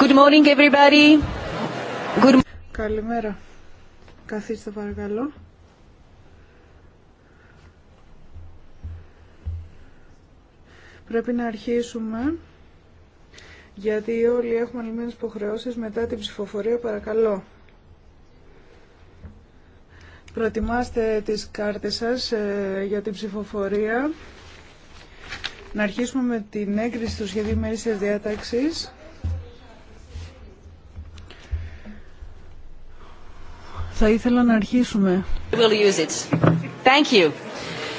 Good morning everybody. Καλημέρα. Καθίστε παρακαλώ. Πρέπει να αρχίσουμε γιατί όλοι έχουμε λυμμένες υποχρεώσεις μετά την ψηφοφορία παρακαλώ. Προετοιμάστε τις κάρτες σας ε, για την ψηφοφορία. Να αρχίσουμε με την έγκριση του σχεδίου μέρης της διάταξης. Θα ήθελα να αρχίσουμε. We'll use it. Thank you.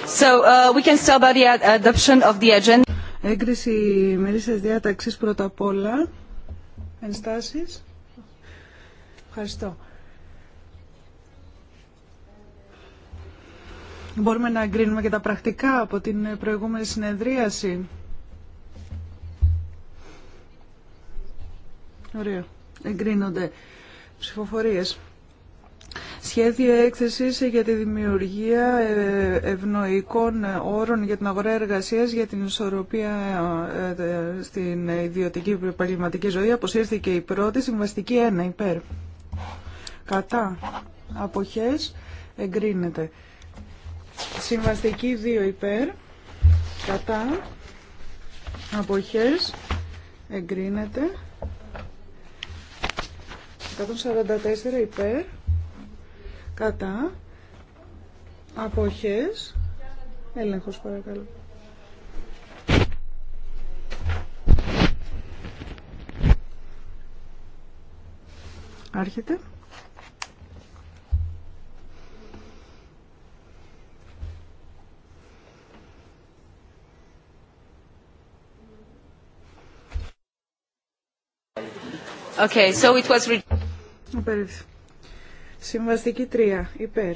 So uh, we can start by the adoption of the agenda. Έγκριση μερίσες διάταξης πρώτα απ' όλα. Ενστάσεις. Ευχαριστώ. Μπορούμε να εγκρίνουμε και τα πρακτικά από την προηγούμενη συνεδρίαση. Ωραία. Εγκρίνονται ψηφοφορίες. Σχέδια έκθεσης για τη δημιουργία ε, ευνοϊκών όρων για την αγορά εργασίας για την ισορροπία ε, στην ιδιωτική επαγγελματική ζωή. Αποσύρθηκε η πρώτη. Συμβαστική 1. Υπέρ. Κατά. Αποχές. Εγκρίνεται. Συμβαστική 2. Υπέρ. Κατά. Αποχές. Εγκρίνεται. 144 υπέρ κατά αποχές έλεγχος παρακαλώ άρχεται Okay, so it was Συμβαστική 3. Υπέρ.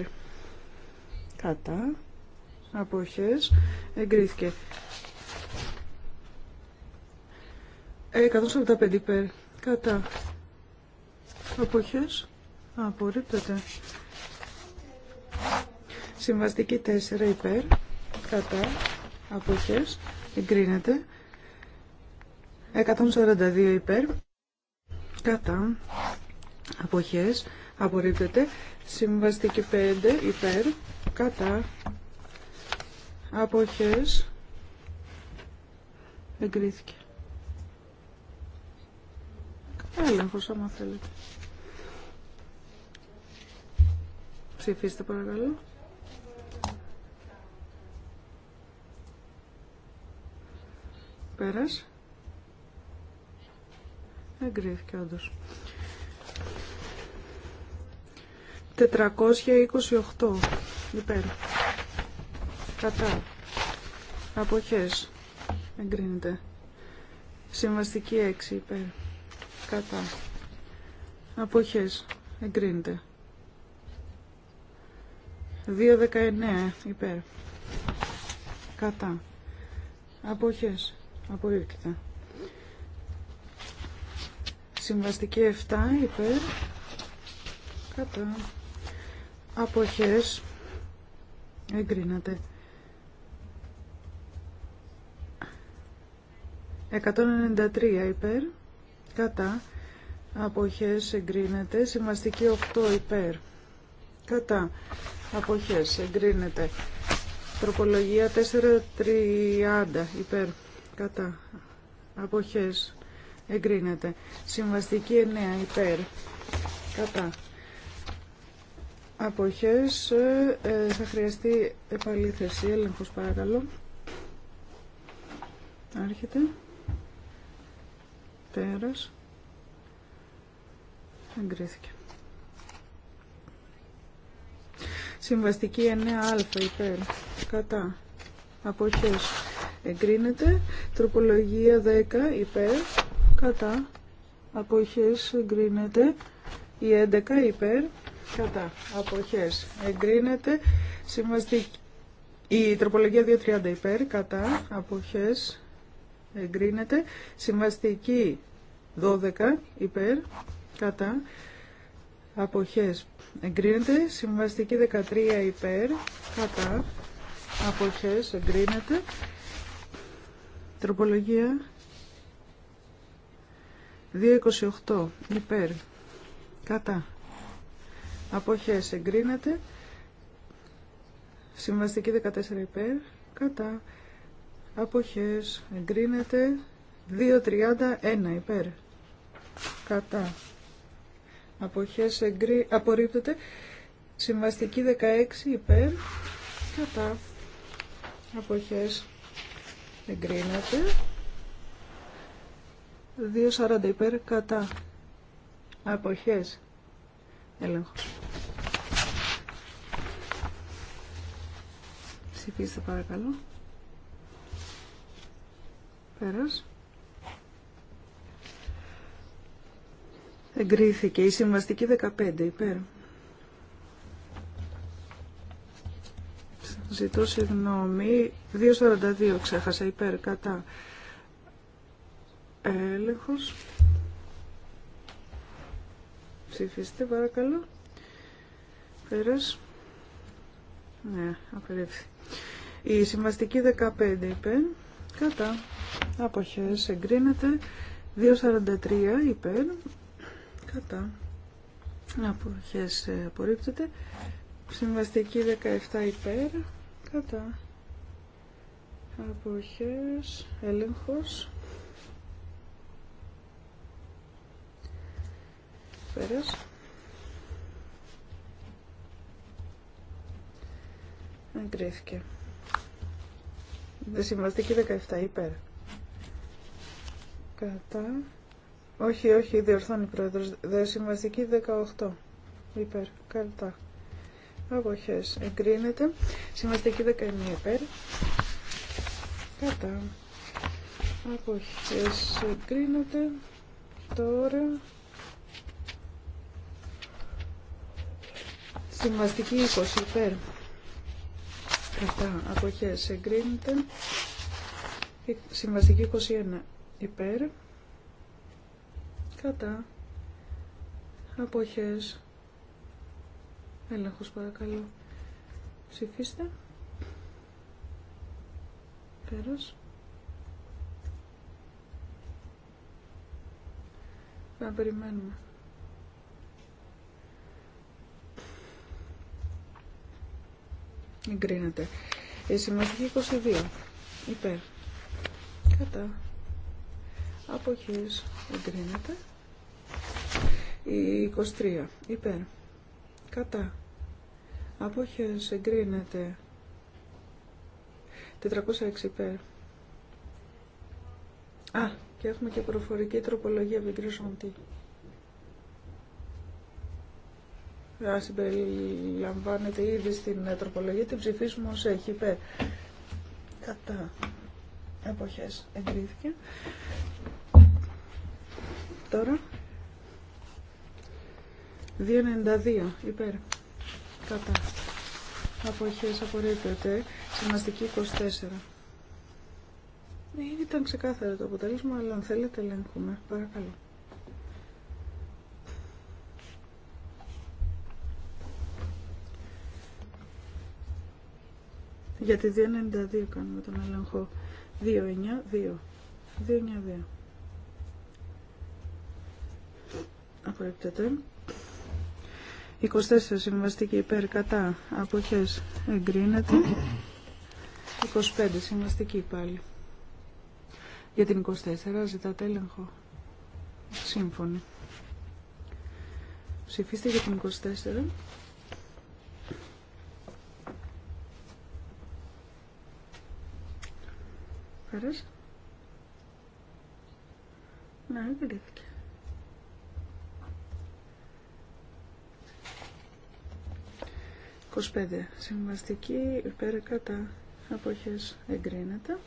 Κατά. Αποχές. Εγκρίθηκε. 145 ε, υπέρ. Κατά. Αποχές. Απορρίπτεται. Συμβαστική 4 υπέρ. Κατά. Αποχές. Εγκρίνεται. 142 υπέρ. Κατά. Αποχές απορρίπτεται. Συμβαστική 5 υπέρ κατά αποχές εγκρίθηκε. Έλεγχος άμα θέλετε. Ψηφίστε παρακαλώ. Πέρας. Εγκρίθηκε όντως. 428 υπέρ κατά αποχές εγκρίνεται συμβαστική 6 υπέρ κατά αποχές εγκρίνεται 2.19 υπέρ κατά αποχές απορρίπτεται συμβαστική 7 υπέρ κατά αποχές Εγκρίνατε. 193 υπέρ κατά αποχές εγκρίνεται συμβαστική 8 υπέρ κατά αποχές εγκρίνεται τροπολογία 430 υπέρ κατά αποχές εγκρίνεται συμβαστική 9 υπέρ κατά Αποχές ε, ε, θα χρειαστεί επαλήθευση. Έλεγχος παρακαλώ. Άρχεται. Πέρας. Εγκρίθηκε. Συμβαστική 9α υπέρ. Κατά. Αποχές. Εγκρίνεται. Τροπολογία 10 υπέρ. Κατά. Αποχές εγκρίνεται. Η 11 υπέρ κατά αποχές εγκρίνεται συμβαστική η τροπολογία 230 υπέρ κατά αποχές εγκρίνεται συμβαστική 12 υπέρ κατά αποχές εγκρίνεται συμβαστική 13 υπέρ κατά αποχές εγκρίνεται τροπολογία 228 υπέρ κατά αποχές εγκρίνεται. Συμβαστική 14 υπέρ, κατά, αποχές εγκρίνεται. 2.31 υπέρ, κατά, αποχές εγκρι... απορρίπτεται. Συμβαστική 16 υπέρ, κατά, αποχές εγκρίνεται. 2.40 υπέρ, κατά, αποχές έλεγχος. Ψηφίστε παρακαλώ. Πέρας. Εγκρίθηκε η συμβαστική 15 υπέρ. Ζητώ συγγνώμη. 2.42 ξέχασα υπέρ κατά. Έλεγχος. Ψηφίστε παρακαλώ. Πέρας. Ναι, απερίφθη. Η συμβαστική 15 υπέρ, κατά, αποχές εγκρίνεται. 2.43 υπέρ, κατά, αποχές ε, απορρίπτεται. Συμβαστική 17 υπέρ, κατά, αποχές, έλεγχος. Πέρας. Εγκρίθηκε. Συμβαστική 17 υπέρ. Κατά. Όχι, όχι, διορθώνει πρόεδρος. Δε συμβαστική 18 υπέρ. Κατά. Αποχές. Εγκρίνεται. Συμβαστική 19 υπέρ. Κατά. Αποχές. Εγκρίνεται. Τώρα. Συμβαστική 20 υπέρ. Κατά αποχές εγκρίνεται. Συμβαστική 21 υπέρ. Κατά αποχές έλεγχος παρακαλώ. Ψηφίστε. Πέρας. Να περιμένουμε. εγκρίνεται. Η ε, σημαντική 22 υπέρ κατά Μην εγκρίνεται. Η 23 υπέρ κατά αποχές εγκρίνεται. 406 υπέρ. Α, και έχουμε και προφορική τροπολογία από θα συμπεριλαμβάνεται ήδη στην ε, τροπολογία, την ψηφίσουμε ως έχει Κατά εποχές εγκρίθηκε. Τώρα, 2.92 υπέρ. Κατά αποχές απορρίπτεται. σημαντική 24. Ναι, ήταν ξεκάθαρο το αποτέλεσμα, αλλά αν θέλετε ελέγχουμε. Παρακαλώ. Για τη 292 κάνουμε τον έλεγχο. 292. 292. Απορρίπτεται. 24 συμβαστική υπέρ κατά αποχές εγκρίνεται. 25 συμβαστική πάλι. Για την 24 ζητάτε έλεγχο. Σύμφωνοι. Ψηφίστε για την 24. Να, Ναι, 25. Συμβαστική υπέρ κατά αποχές εγκρίνεται.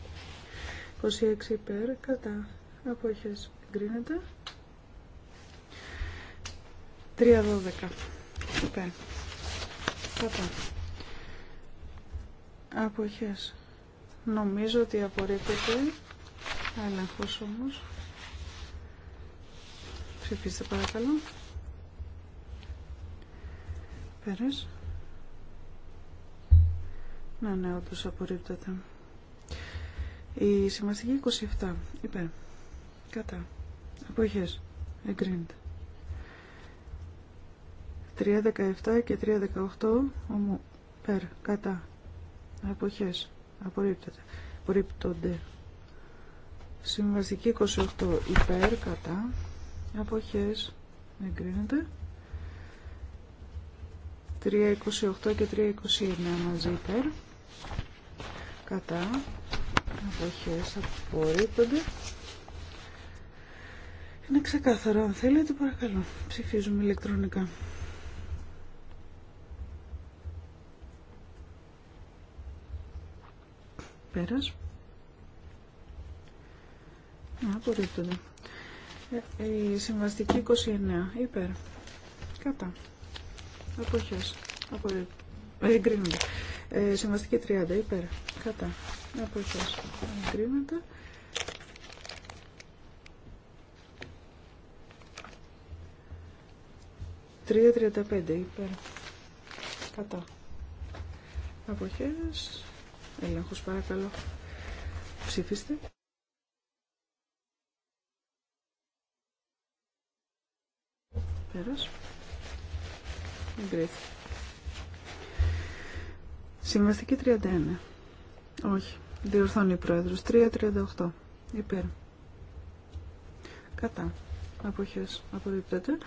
26 υπέρ κατά αποχές 312 3-12 υπέρ κατά αποχές Νομίζω ότι απορρίπτεται. Έλεγχος όμως. Ψηφίστε παρακαλώ. Πέρας. Ναι, ναι, όντως απορρίπτεται. Η σημαντική 27. Υπέρ. Κατά. Αποχές. Εγκρίνεται. 3.17 και 3.18 ομού. Περ. Κατά. Αποχές. Απορρίπτεται. Απορρίπτονται. Συμβαστική 28 υπέρ κατά. Αποχές εγκρίνεται. 3.28 και 3.29 μαζί υπέρ. Κατά. Αποχές απορρίπτονται. Είναι ξεκάθαρο. Αν θέλετε παρακαλώ. Ψηφίζουμε ηλεκτρονικά. Πέρας. Απορρίπτονται. Ε, η συμβαστική 29. Υπέρ. Κατά. Αποχές. Απορρίπτονται. Ε, εγκρίνονται. Ε, συμβαστική 30. Υπέρ. Κατά. Αποχές. Εγκρίνονται. Τρία τριάντα πέντε υπέρ. Κατά. Αποχές. Ελέγχος παρακαλώ. Ψηφίστε. Πέρας. Εγκρίθη. Συμβαστική 31. Όχι. Διορθώνει η πρόεδρος. 3.38. Υπέρ. Κατά. Αποχές. Απορρίπτεται.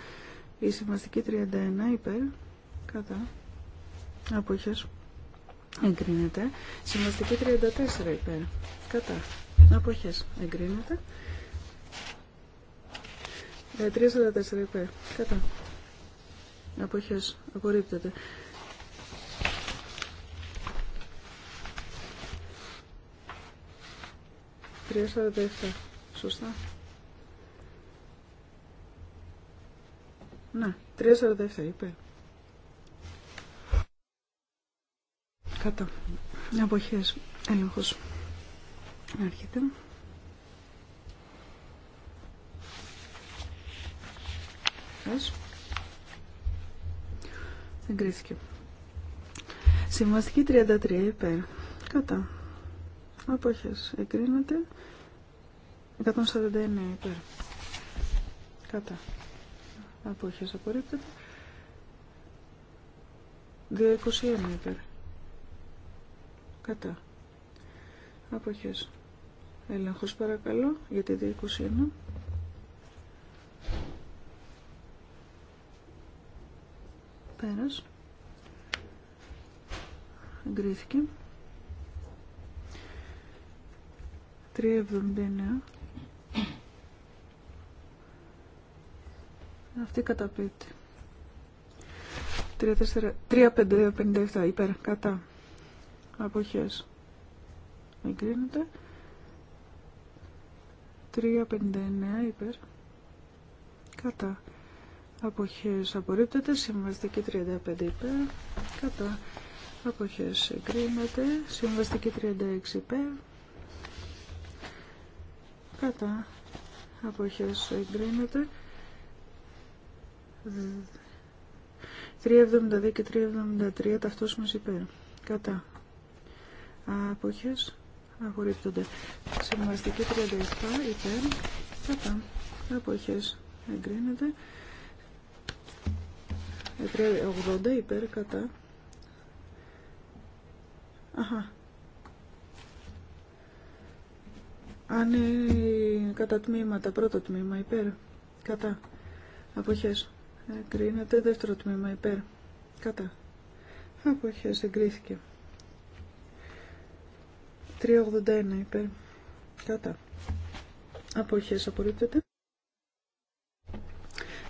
Η συμβαστική 31. Υπέρ. Κατά. Αποχές εγκρίνεται. Συμβαστική 34 υπέρ. Κατά. Αποχές εγκρίνεται. 344 ε, υπέρ. Κατά. Αποχές απορρίπτεται. 347. Σωστά. Ναι, 347 υπέρ. Κατά. Αποχές. Έλεγχος. έρχεται. Εγκρίθηκε. Συμβαστική 33 υπέρ. Κατά. Αποχές. Εγκρίνεται. 149 υπέρ. Κατά. Αποχές απορρίπτεται. 221 υπέρ. Κατά. Αποχές. Έλεγχος παρακαλώ για τη 221. Πέρας. Εγκρίθηκε. 379. Αυτή καταπίπτει. 357 υπέρ κατά αποχές εγκρίνεται 359 υπέρ κατά αποχές απορρίπτεται συμβαστική 35 υπέρ κατά αποχές εγκρίνεται συμβαστική 36 υπέρ κατά αποχές εγκρίνεται 372 και 373 ταυτόσιμες υπέρ κατά Αποχέ, απορρίπτονται. Συμβαστική 37 υπέρ κατά αποχές εγκρίνεται. 80 υπέρ κατά. Αχα. Αν είναι κατά τμήματα, πρώτο τμήμα υπέρ κατά απόχέ. εγκρίνεται. Δεύτερο τμήμα υπέρ κατά απόχέ, εγκρίθηκε. 381 υπέρ. Κατά. Αποχές απορρίπτεται.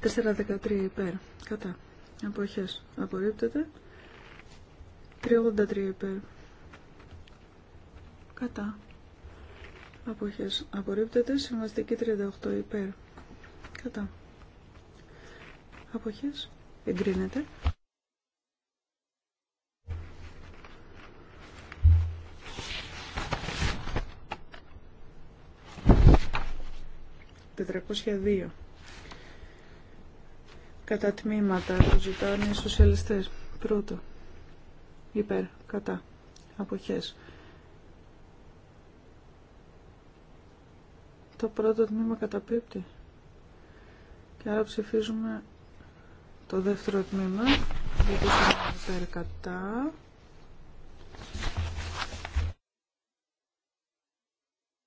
413 υπέρ. Κατά. Αποχές απορρίπτεται. 383 υπέρ. Κατά. Αποχές απορρίπτεται. Συμβαστική 38 υπέρ. Κατά. Αποχές εγκρίνεται. 402. Κατά τμήματα που ζητάνε οι σοσιαλιστές. Πρώτο. Υπέρ. Κατά. Αποχές. Το πρώτο τμήμα καταπίπτει. Και άρα ψηφίζουμε το δεύτερο τμήμα. Γιατί υπέρ κατά.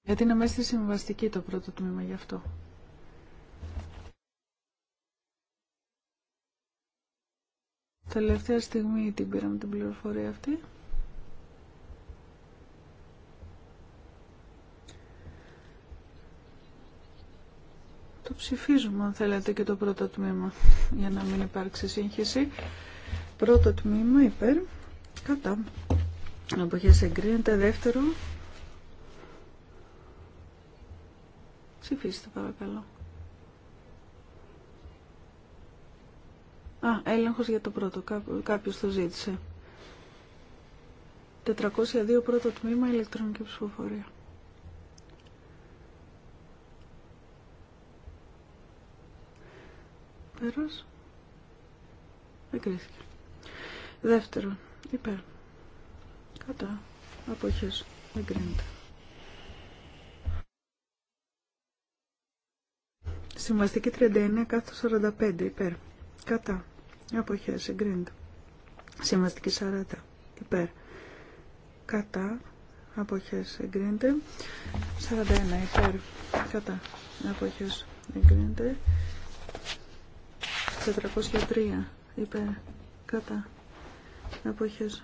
Γιατί είναι μέσα στη συμβαστική το πρώτο τμήμα γι' αυτό. Τελευταία στιγμή την πήραμε την πληροφορία αυτή. Το ψηφίζουμε αν θέλετε και το πρώτο τμήμα για να μην υπάρξει σύγχυση. Πρώτο τμήμα υπέρ, κατά. Αποχές εγκρίνεται. Δεύτερο. Ψηφίστε παρακαλώ. Α, έλεγχος για το πρώτο. Κάποιος το ζήτησε. 402 πρώτο τμήμα ηλεκτρονική ψηφοφορία. Πέρας. Εγκρίθηκε. Δεύτερο. Υπέρ. Κατά. Αποχές. Εγκρίνεται. Συμβαστική 39 κάτω 45 υπέρ. Κατά. Αποχές εγκρίνεται. Συμβαστική 40 υπέρ. Κατά. Αποχές εγκρίνεται. 41 υπέρ. Κατά. Αποχές εγκρίνεται. 403 υπέρ. Κατά. Αποχές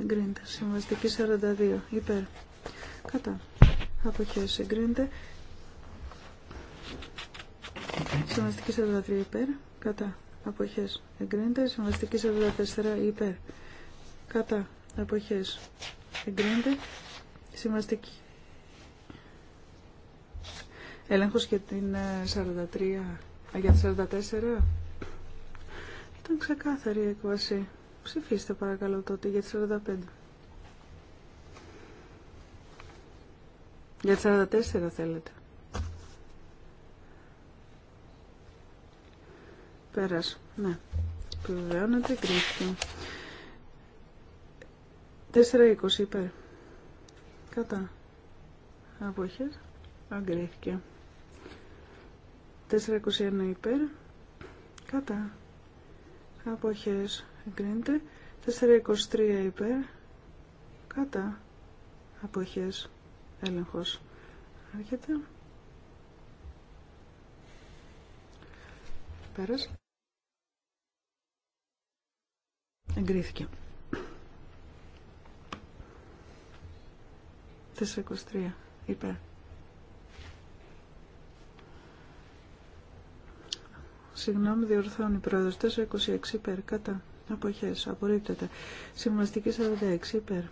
εγκρίνεται. Συμβαστική 42 υπέρ. Κατά. Αποχές εγκρίνεται. Συμβαστική 43 υπέρ. Κατά αποχές εγκρίνεται. Συμβαστική 44 υπέρ κατά αποχές εγκρίνεται. Συμβαστική έλεγχος για την 43 ε, για τη 44 ήταν ξεκάθαρη η έκβαση. Ψηφίστε παρακαλώ τότε για τη 45. Για 44 θέλετε. Πέρας. Ναι. Επιβεβαιώνεται. Κρίθηκε. 4.20 υπέρ. Κατά. Αποχές. Αγκρίθηκε. 4.21 υπέρ. Κατά. αποχέ. Εγκρίνεται. 23 υπέρ. Κατά. Αποχές. έλεγχο Άρχεται. Πέρασε. Εγκρίθηκε. 423. Υπέρ. Συγγνώμη, διορθώνει πρόεδρο. 426 υπέρ. Κατά. Αποχέ. Απορρίπτεται. Συμβαστική 46 υπέρ.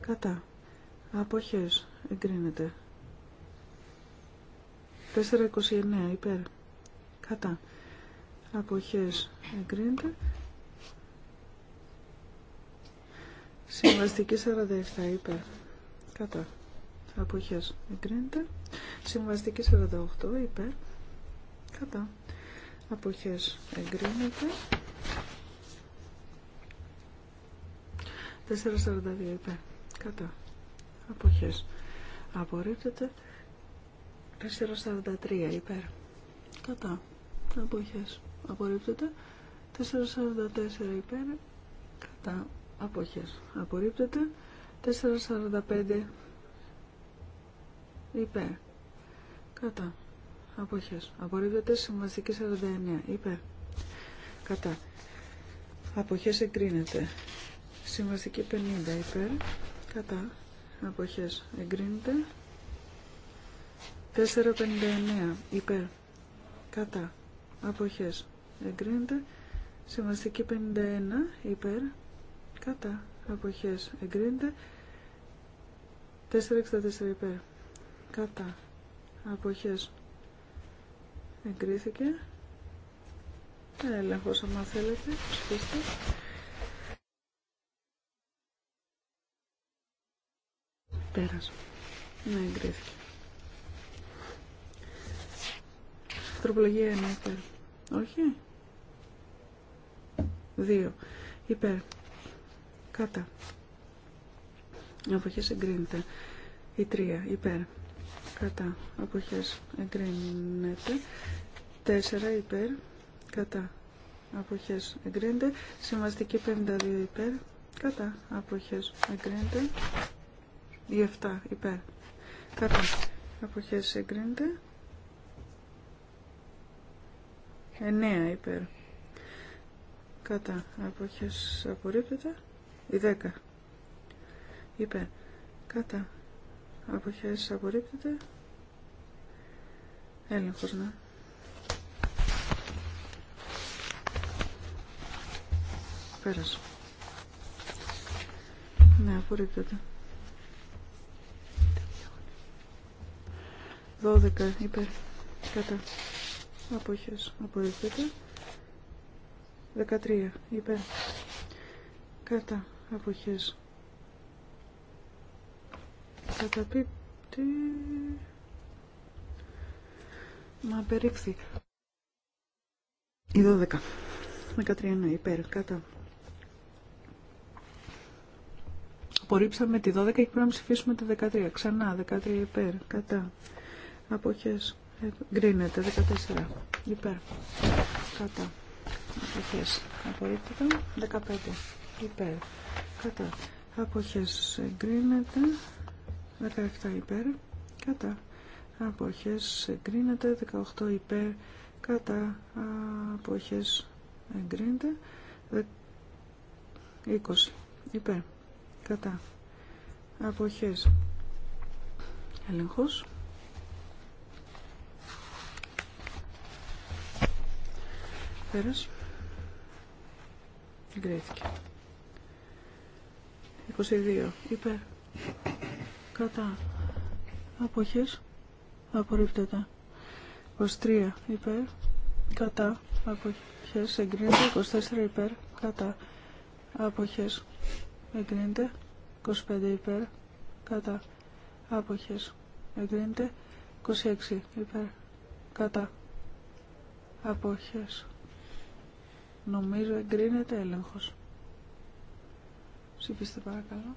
Κατά. Αποχέ. Εγκρίνεται. 429 υπέρ. Κατά. Αποχέ. Εγκρίνεται. Συμβαστική 47 υπέρ. Κατά. Αποχές. Εγκρίνεται. Συμβαστική 48 υπέρ. Κατά. Αποχές. Εγκρίνεται. 442 υπέρ. Κατά. Αποχές. Απορρίπτεται. 443 υπέρ. Κατά. Αποχές. Απορρίπτεται. 444 υπέρ. Κατά αποχές απορρίπτεται 4.45 υπέρ κατά αποχές απορρίπτεται συμβαστική 49 υπέρ κατά αποχές εγκρίνεται συμβαστική 50 υπέρ κατά αποχές εγκρίνεται 4.59 υπέρ κατά αποχές εγκρίνεται συμβαστική 51 υπέρ κατά αποχές εγκρίνεται 464 υπέρ κατά αποχές εγκρίθηκε έλεγχος άμα θέλετε ψηφίστε ναι εγκρίθηκε τροπολογία 1 υπέρ όχι 2 υπέρ Κατά. Αποχές εγκρίνεται. Η 3. Υπέρ. Κατά. Αποχές εγκρίνεται. 4. Υπέρ. Κατά. Αποχές εγκρίνεται. Συμβαστική 52 υπέρ. Κατά. Αποχές εγκρίνεται. Η 7 υπέρ. Κατά. Αποχές εγκρίνεται. 9 υπέρ. Κατά. Αποχές απορρίπτεται. Η 10. Υπέρ. Κατά. Αποχές απορρίπτεται. Έλεγχος να. Πέρασε. Ναι, απορρίπτεται. 12 υπέρ. Κατά. Αποχές απορρίπτεται. 13 υπέρ. Κατά αποχές καταπίπτει μα περίπτει η 12 13 ναι, υπέρ κατά απορρίψαμε τη 12 και πρέπει να ψηφίσουμε τη 13 ξανά 13 υπέρ κατά αποχές γκρίνεται 14 υπέρ κατά αποχές απορρίπτεται 15 υπέρ. Κατά. Αποχές εγκρίνεται. 17 υπέρ. Κατά. Αποχές εγκρίνεται. 18 υπέρ. Κατά. Αποχές εγκρίνεται. 20 υπέρ. Κατά. Αποχές. Έλεγχος. Πέρας. Εγκρίθηκε. 22 είπε, κάτα. Αποχέ, απορρίπτα. 23 είπε, κατά αποχές απορρίπτεται 23 υπέρ κατά αποχές εγκρίνεται 24 υπέρ κατά αποχές εγκρίνεται 25 υπέρ κατά άποχες εγκρίνεται 26 υπέρ κατά άποχες νομίζω εγκρίνεται έλεγχος Ψηφίστε παρακαλώ.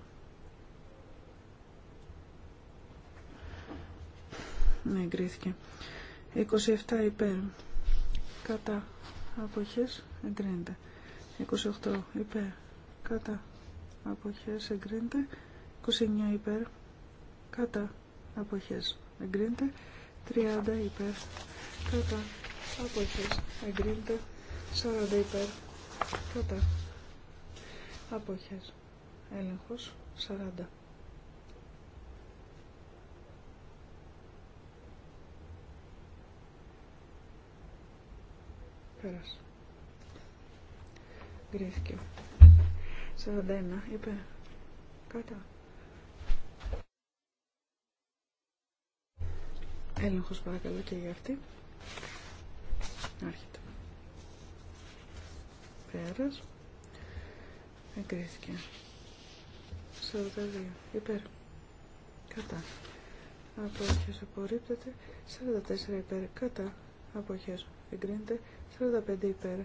Ναι, εγκρίθηκε. 27 υπέρ. Κατά. Αποχές εγκρίνεται. 28 υπέρ. Κατά. Αποχές εγκρίνεται. 29 υπέρ. Κατά. Αποχές εγκρίνεται. 30 υπέρ. Κατά. Αποχές εγκρίνεται. 40 υπέρ. Κατά. Αποχές έλεγχος 40 πέρασε γκρίθηκε 41 είπε Κάτω. έλεγχος παρακαλώ και για αυτή άρχεται πέρας εγκρίθηκε 42 υπέρ κατά αποχές απορρίπτεται 44 υπέρ κατά αποχές εγκρίνεται 45 υπέρ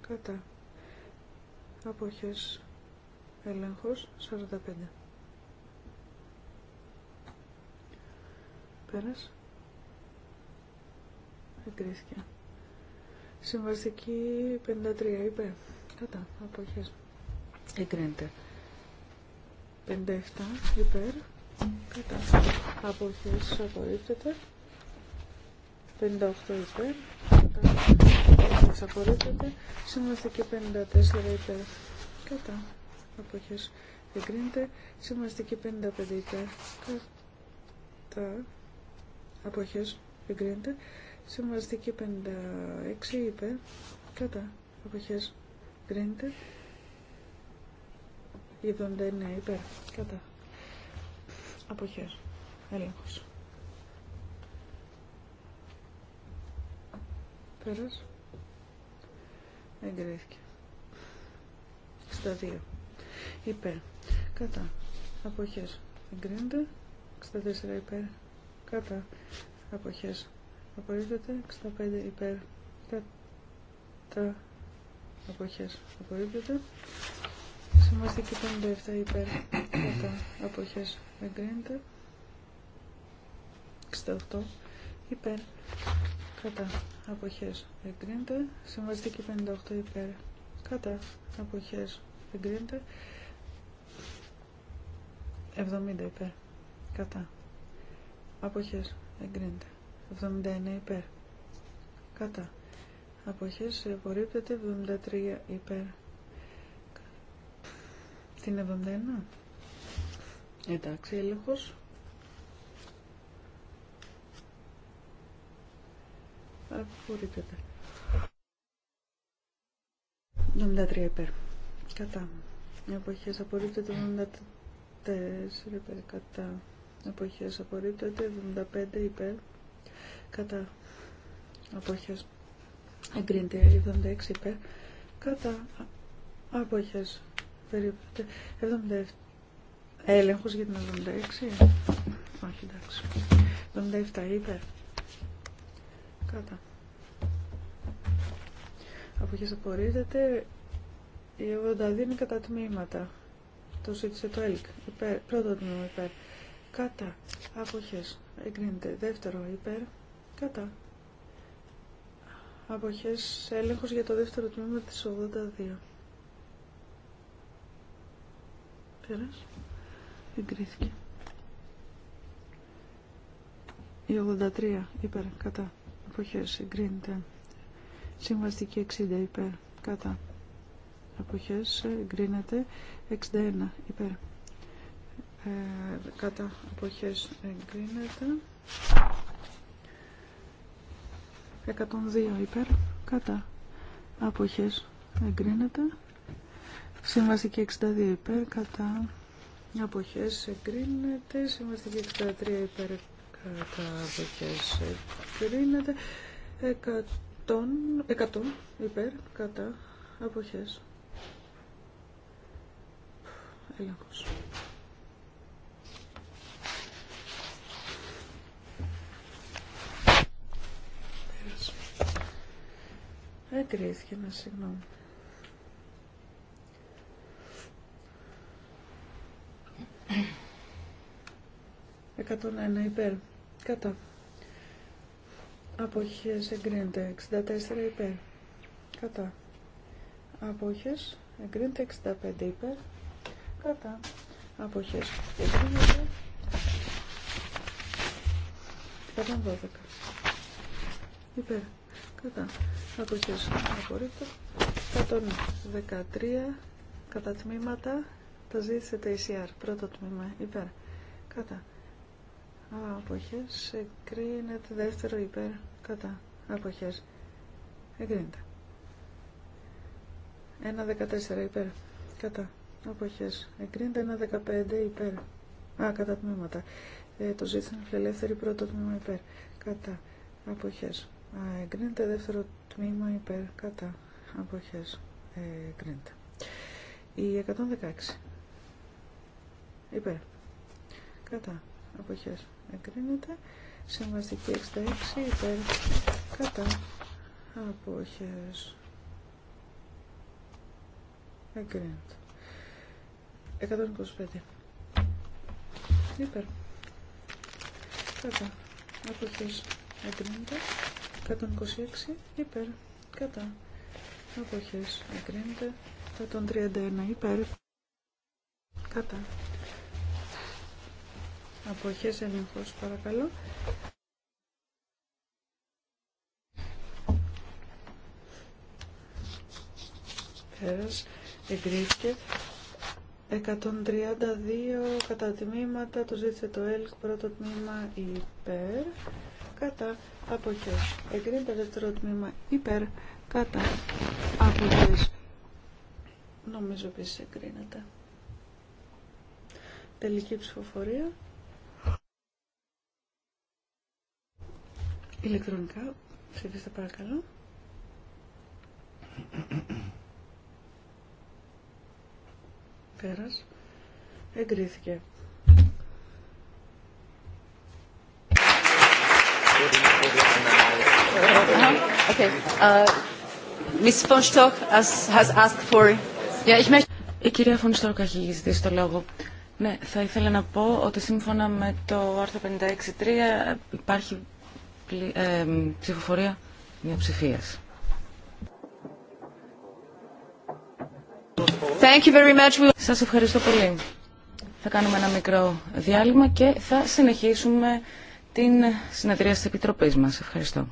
κατά αποχές έλεγχος 45 πέρας εγκρίθηκε συμβαστική 53 υπέρ κατά αποχές εγκρίνεται 57 υπέρ κατά θέσεις απορρίπτεται 58 υπέρ κατά θέσεις απορρίπτεται συμβαστική 54 υπέρ κατά θέσεις εγκρίνεται συμβαστική 55 υπέρ κατά θέσεις εγκρίνεται και 56 υπέρ κατά θέσεις εγκρίνεται 79 ναι, υπέρ. Κατά. Αποχές. Έλεγχος. Πέρας. Εγκρίθηκε. Στα 2. Υπέρ. Κατά. Αποχές. Εγκρίνεται. 64 υπέρ. Κατά. Αποχές. Απορρίπτεται. 65 υπέρ. Κατά. Αποχές. Απορρίπτεται. Συμβαστική 57 υπέρ. Κατά αποχές εγκρίνεται. 68 υπέρ. Κατά αποχές εγκρίνεται. Συμβαστική 58 υπέρ. Κατά αποχές εγκρίνεται. 70 υπέρ. Κατά. Αποχές εγκρίνεται. 79 υπέρ. Κατά. Αποχές απορρίπτεται. 73 υπέρ την 71. Εντάξει, έλεγχος. Απορρίπτεται. 73 υπέρ. Κατά. Εποχές απορρίπτεται 74 υπέρ. Κατά. Εποχές απορρίπτεται 75 υπέρ. Κατά. αποχές... εγκρίνεται 76 υπέρ. Κατά. αποχές... 77. Έλέγχο για την 76. Όχι, εντάξει. 77 είπε. Κατά. Αποχές απορρίζεται. Η 82 είναι κατά τμήματα. Το ζήτησε το ΕΛΚ. Υπέρ. Πρώτο τμήμα υπέρ. Κατά. Αποχέ. Εγκρίνεται. Δεύτερο υπέρ. Κατά. Αποχέ έλεγχο για το δεύτερο τμήμα τη 82. Εγκρίθηκε. Η 83 υπέρ κατά αποχές εγκρίνεται. Συμβαστική 60 υπέρ κατά αποχές εγκρίνεται. 61 υπέρ ε, κατά αποχές εγκρίνεται. 102 υπέρ κατά αποχές εγκρίνεται. Συμβαστική 62 υπέρ κατά αποχές εγκρίνεται. Συμβαστική 63 υπέρ κατά αποχές εγκρίνεται. 100, 100 υπέρ κατά αποχές. Έλεγχος. Εγκρίθηκε, να συγγνώμη. 101 υπέρ. Κατά. Αποχές εγκρίνεται 64 υπέρ. Κατά. Αποχές εγκρίνεται 65 υπέρ. Κατά. Αποχές εγκρίνεται 112 υπέρ. Κατά. Αποχές απορρίπτω 113 κατά τμήματα τα ζήτησε τα ECR. Πρώτο τμήμα υπέρ. Κατά. Αποχές εγκρίνεται δεύτερο υπέρ κατά. Αποχές εγκρίνεται. 1.14 υπέρ κατά. Αποχές εγκρίνεται 1.15 υπέρ. Α, κατά τμήματα. Ε, το ζήτησαν φιλελεύθερη πρώτο τμήμα υπέρ. Κατά. Αποχές. Α, εγκρίνεται δεύτερο τμήμα υπέρ. Κατά. Αποχές. Ε, εγκρίνεται. Η 116. Υπέρ. Κατά. Αποχές εγκρίνεται. Συμβαστική 66 υπέρ κατά αποχές εγκρίνεται. 125 υπέρ κατά αποχές εγκρίνεται. 126 υπέρ κατά αποχές εγκρίνεται. 131 υπέρ κατά αποχές ενεχώς παρακαλώ. Πέρας, εγκρίθηκε. 132 κατά τμήματα, το ζήτησε το ΕΛΚ, πρώτο τμήμα υπέρ, κατά αποχές. Εγκρίνεται δεύτερο τμήμα υπέρ, κατά αποχές. Νομίζω επίσης εγκρίνεται. Τελική ψηφοφορία. Ηλεκτρονικά. Ψηφίστε παρακαλώ. Πέρας. Εγκρίθηκε. Η κυρία Φωνστόκ έχει ζητήσει το λόγο. Ναι, θα ήθελα να πω ότι σύμφωνα με το άρθρο 56.3 υπάρχει ε, ψηφοφορία μία Thank you very much. Σας ευχαριστώ πολύ. Θα κάνουμε ένα μικρό διάλειμμα και θα συνεχίσουμε την συνεδρία της Επιτροπής μας. Ευχαριστώ.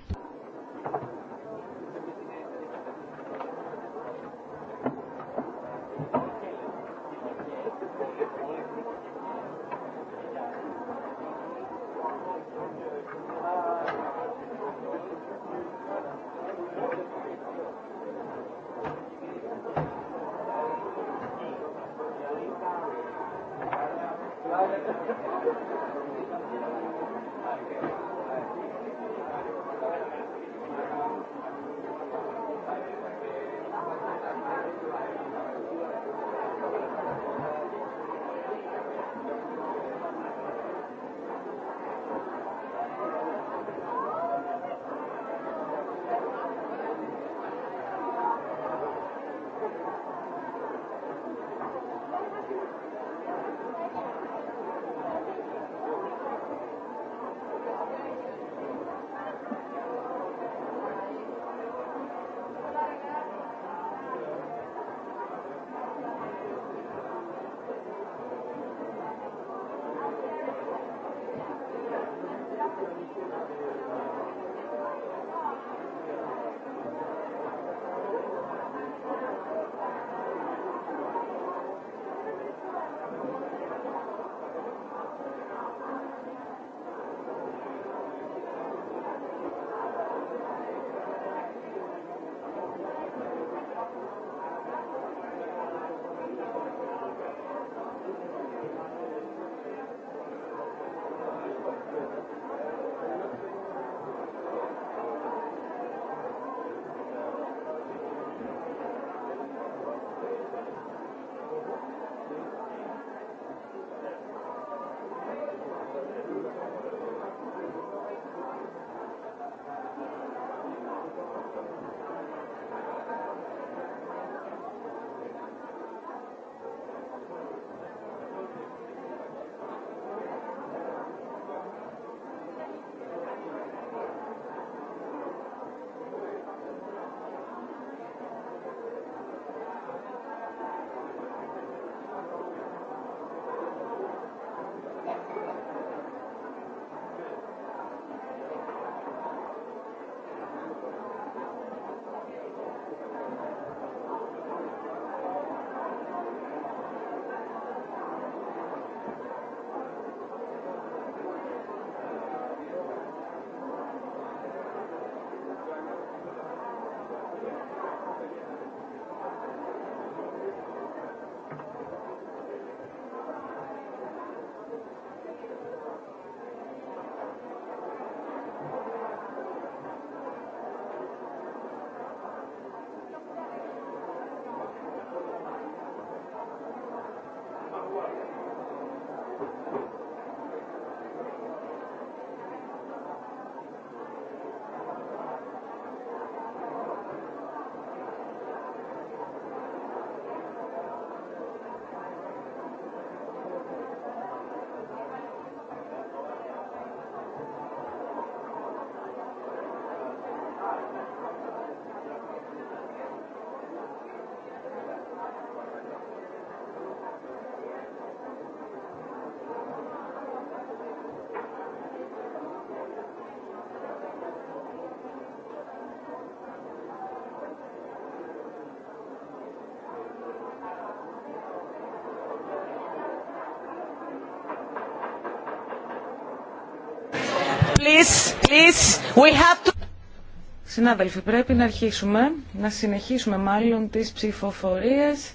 Συνάδελφοι, πρέπει να αρχίσουμε, να συνεχίσουμε μάλλον τις ψηφοφορίες.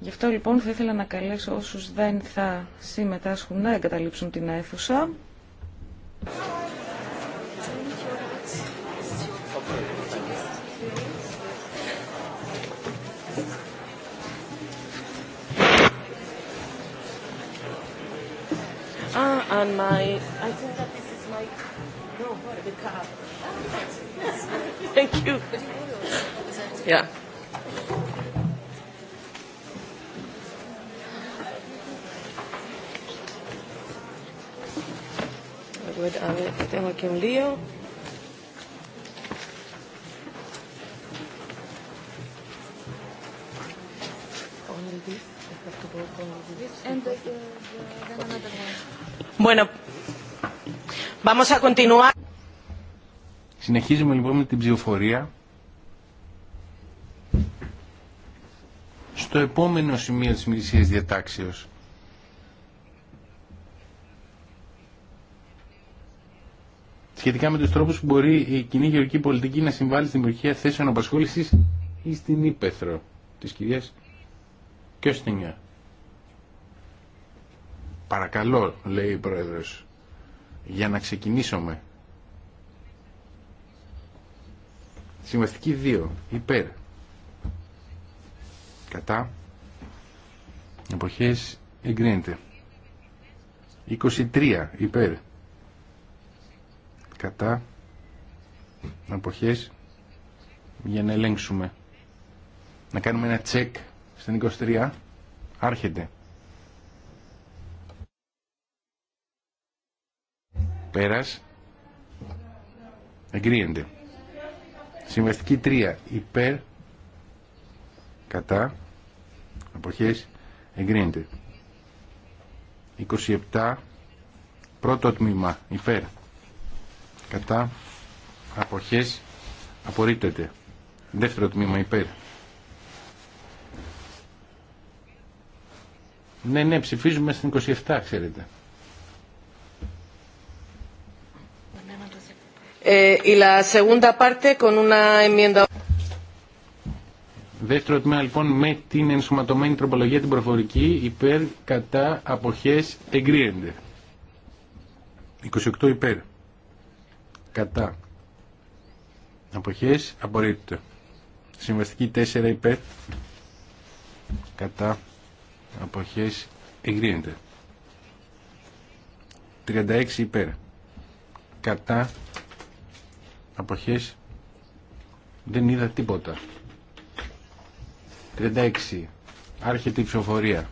Γι' αυτό λοιπόν θα ήθελα να καλέσω όσους δεν θα συμμετάσχουν να εγκαταλείψουν την αίθουσα. Ah, and my, I think that this is my Thank you. Yeah. Gut, aber Leo. Bueno, vamos a continuar. Συνεχίζουμε λοιπόν με την ψηφοφορία. Στο επόμενο σημείο της μιλησίας διατάξεως. Σχετικά με τους τρόπους που μπορεί η κοινή γεωργική πολιτική να συμβάλλει στην δημιουργία θέσεων απασχόλησης ή στην Ήπεθρο της κυρίας Κιώστινγκα. Παρακαλώ, λέει η Πρόεδρος, για να ξεκινήσουμε. Συμβαστική 2. Υπέρ. Κατά. Εποχές εγκρίνεται. 23. Υπέρ. Κατά. Εποχές για να ελέγξουμε. Να κάνουμε ένα τσεκ στην 23. Άρχεται. Πέρας. Εγκρίνεται. Συμβαστική 3 υπέρ κατά αποχές εγκρίνεται. 27 πρώτο τμήμα υπέρ κατά αποχές απορρίπτεται. Δεύτερο τμήμα υπέρ. Ναι, ναι, ψηφίζουμε στην 27, ξέρετε. y ε, la segunda parte con una Δεύτερο τμήμα λοιπόν με την ενσωματωμένη τροπολογία την προφορική υπέρ κατά αποχές εγκρίνεται. 28 υπέρ. Κατά. Αποχές απορρίπτεται. Συμβαστική 4 υπέρ. Κατά. Αποχές εγκρίνεται. 36 υπέρ. Κατά αποχές δεν είδα τίποτα 36 άρχεται η ψηφοφορία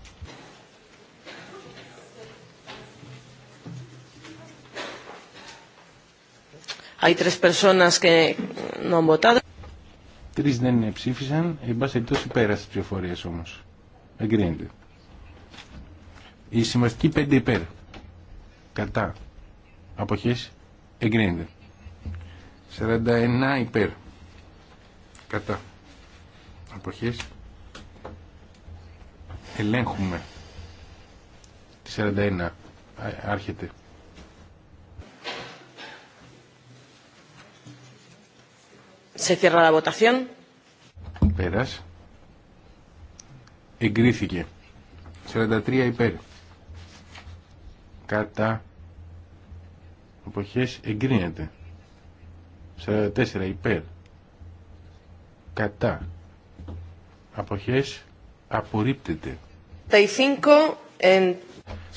Hay tres personas que no Τρεις δεν ψήφισαν, εν πάση περιπτώσει πέρασε τις ψηφοφορίες όμως. Εγκρίνεται. Η σημαντική πέντε υπέρ. Κατά. Αποχές. Εγκρίνεται. 49 υπέρ. Κατά. Αποχές. Ελέγχουμε. τη 41. Άρχεται. Σε cierra la votación. Πέρας. Εγκρίθηκε. 43 υπέρ. Κατά. Αποχές εγκρίνεται. 44 υπέρ κατά αποχές απορρίπτεται 45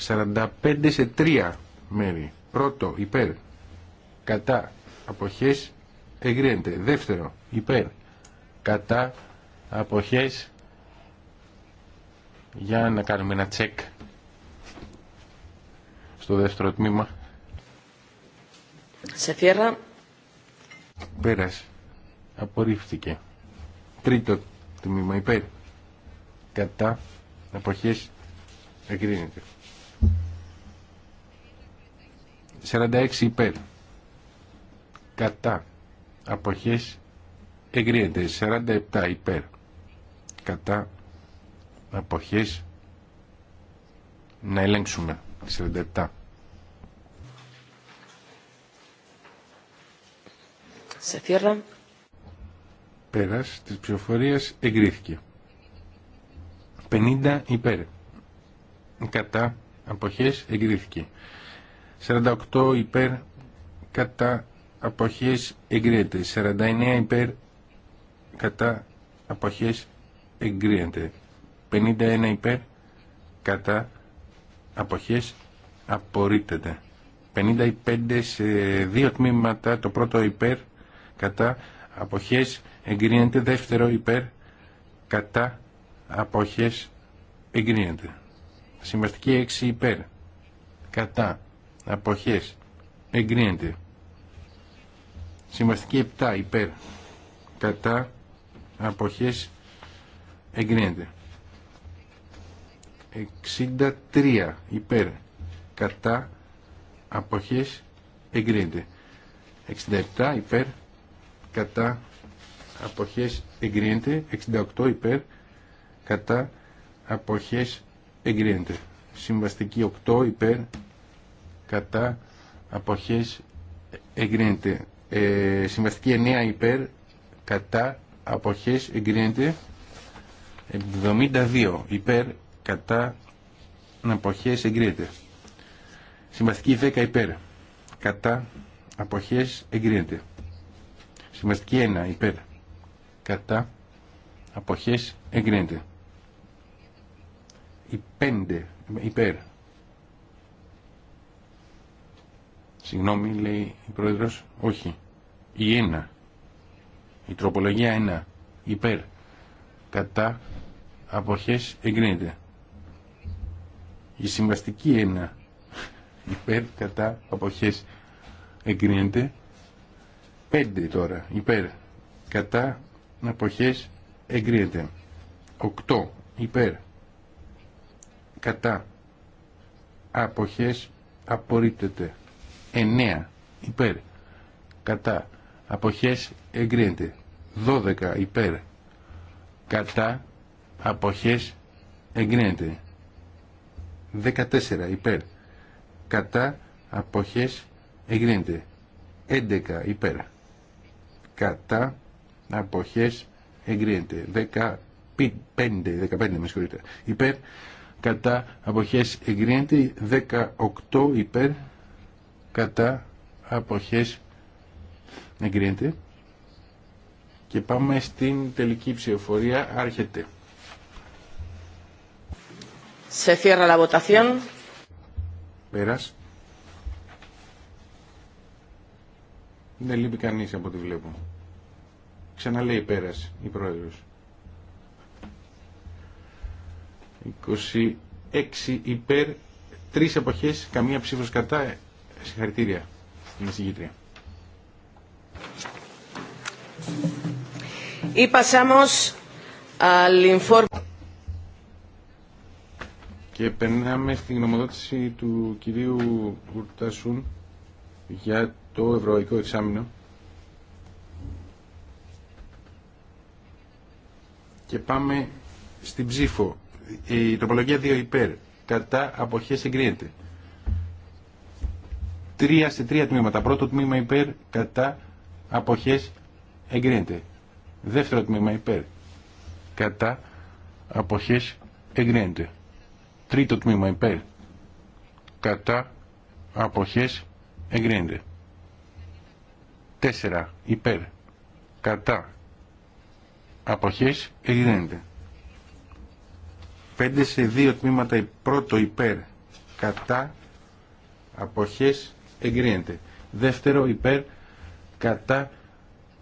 45 σε 3 μέρη πρώτο υπέρ κατά αποχές εγκρίνεται δεύτερο υπέρ κατά αποχές για να κάνουμε ένα τσεκ στο δεύτερο τμήμα σε φιέρα Πέρας. Απορρίφθηκε. Τρίτο τμήμα υπέρ. Κατά. Αποχές. Εγκρίνεται. 46 υπέρ. Κατά. Αποχές. Εγκρίνεται. 47 υπέρ. Κατά. Αποχές. Να ελέγξουμε. 47. Σε Πέρας της ψηφοφορίας εγκρίθηκε. 50 υπέρ. Κατά αποχές εγκρίθηκε. 48 υπέρ κατά αποχές εγκρίνεται. 49 υπέρ κατά αποχές εγκρίνεται. 51 υπέρ κατά αποχές απορρίπτεται. 55 σε δύο τμήματα το πρώτο υπέρ κατά αποχές εγκρίνεται δεύτερο υπέρ κατά αποχές εγκρίνεται συμβαστική 6 υπέρ κατά αποχές εγκρίνεται συμβαστική 7 υπέρ κατά αποχές εγκρίνεται 63 υπέρ κατά αποχές εγκρίνεται 67 υπέρ κατά αποχές εγκρίνεται 68 υπέρ κατά αποχές εγκρίνεται συμβαστική 8 υπέρ κατά αποχές εγκρίνεται ε, συμβαστική 9 υπέρ κατά αποχές εγκρίνεται 72 υπέρ κατά αποχές εγκρίνεται συμβαστική 10 υπέρ κατά αποχές εγκρίνεται Συμβαστική 1 υπέρ κατά αποχές εγκρίνεται. Η 5 υπέρ. Συγγνώμη λέει η πρόεδρος. Όχι. Η 1. Η τροπολογία 1 υπέρ κατά αποχές εγκρίνεται. Η συμβαστική 1 υπέρ κατά αποχές εγκρίνεται 5 τώρα, υπέρ. Κατά αποχές εγκρίνεται. 8 υπέρ. Κατά αποχές απορρίπτεται. 9 υπέρ. Κατά αποχές εγκρίνεται. 12 υπέρ. Κατά αποχές εγκρίνεται. 14 υπέρ. Κατά αποχές εγκρίνεται. 11 υπέρ κατά αποχές εγκρίνεται 15, 15 με συγχωρείτε υπέρ κατά αποχές εγκρίνεται 18 υπέρ κατά αποχές εγκρίνεται και πάμε στην τελική ψηφοφορία άρχεται Σε cierra la votación. Πέρας. Δεν λείπει κανεί από ό,τι βλέπω. Ξαναλέει πέρας η πρόεδρο. 26 υπέρ, 3 εποχέ, καμία ψήφος κατά. Συγχαρητήρια στην εισηγήτρια. Και περνάμε στην γνωμοδότηση του κυρίου Κουρτασούν για το Ευρωπαϊκό εξάμεινο και πάμε στην ψήφο. Η τροπολογία 2 υπέρ κατά αποχές εγκρίνεται. 3 σε 3 τμήματα. Πρώτο τμήμα υπέρ κατά αποχές εγκρίνεται. Δεύτερο τμήμα υπέρ κατά αποχές εγκρίνεται. Τρίτο τμήμα υπέρ κατά αποχές εγκρίνεται. τέσσερα υπέρ κατά αποχές εγκρίνεται. πέντε σε δύο τμήματα πρώτο υπέρ κατά αποχές εγκρίνεται. Δεύτερο υπέρ κατά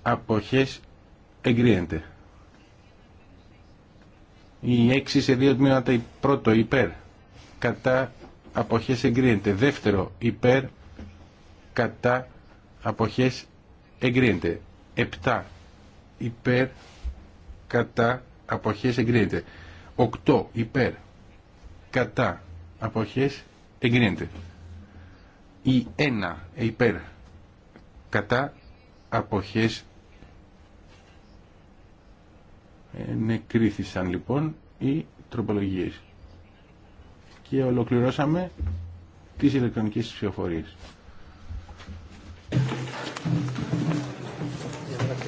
αποχές εγκρίνεται. Η έξι σε δύο τμήματα πρώτο υπέρ κατά αποχές εγκρίνεται. Δεύτερο υπέρ κατά αποχές εγκρίνεται 7 υπέρ κατά αποχές εγκρίνεται 8 υπέρ κατά αποχές εγκρίνεται η 1 υπέρ κατά αποχές ε, νεκρίθησαν λοιπόν οι τροπολογίες και ολοκληρώσαμε τις ηλεκτρονικές ψηφοφορίες.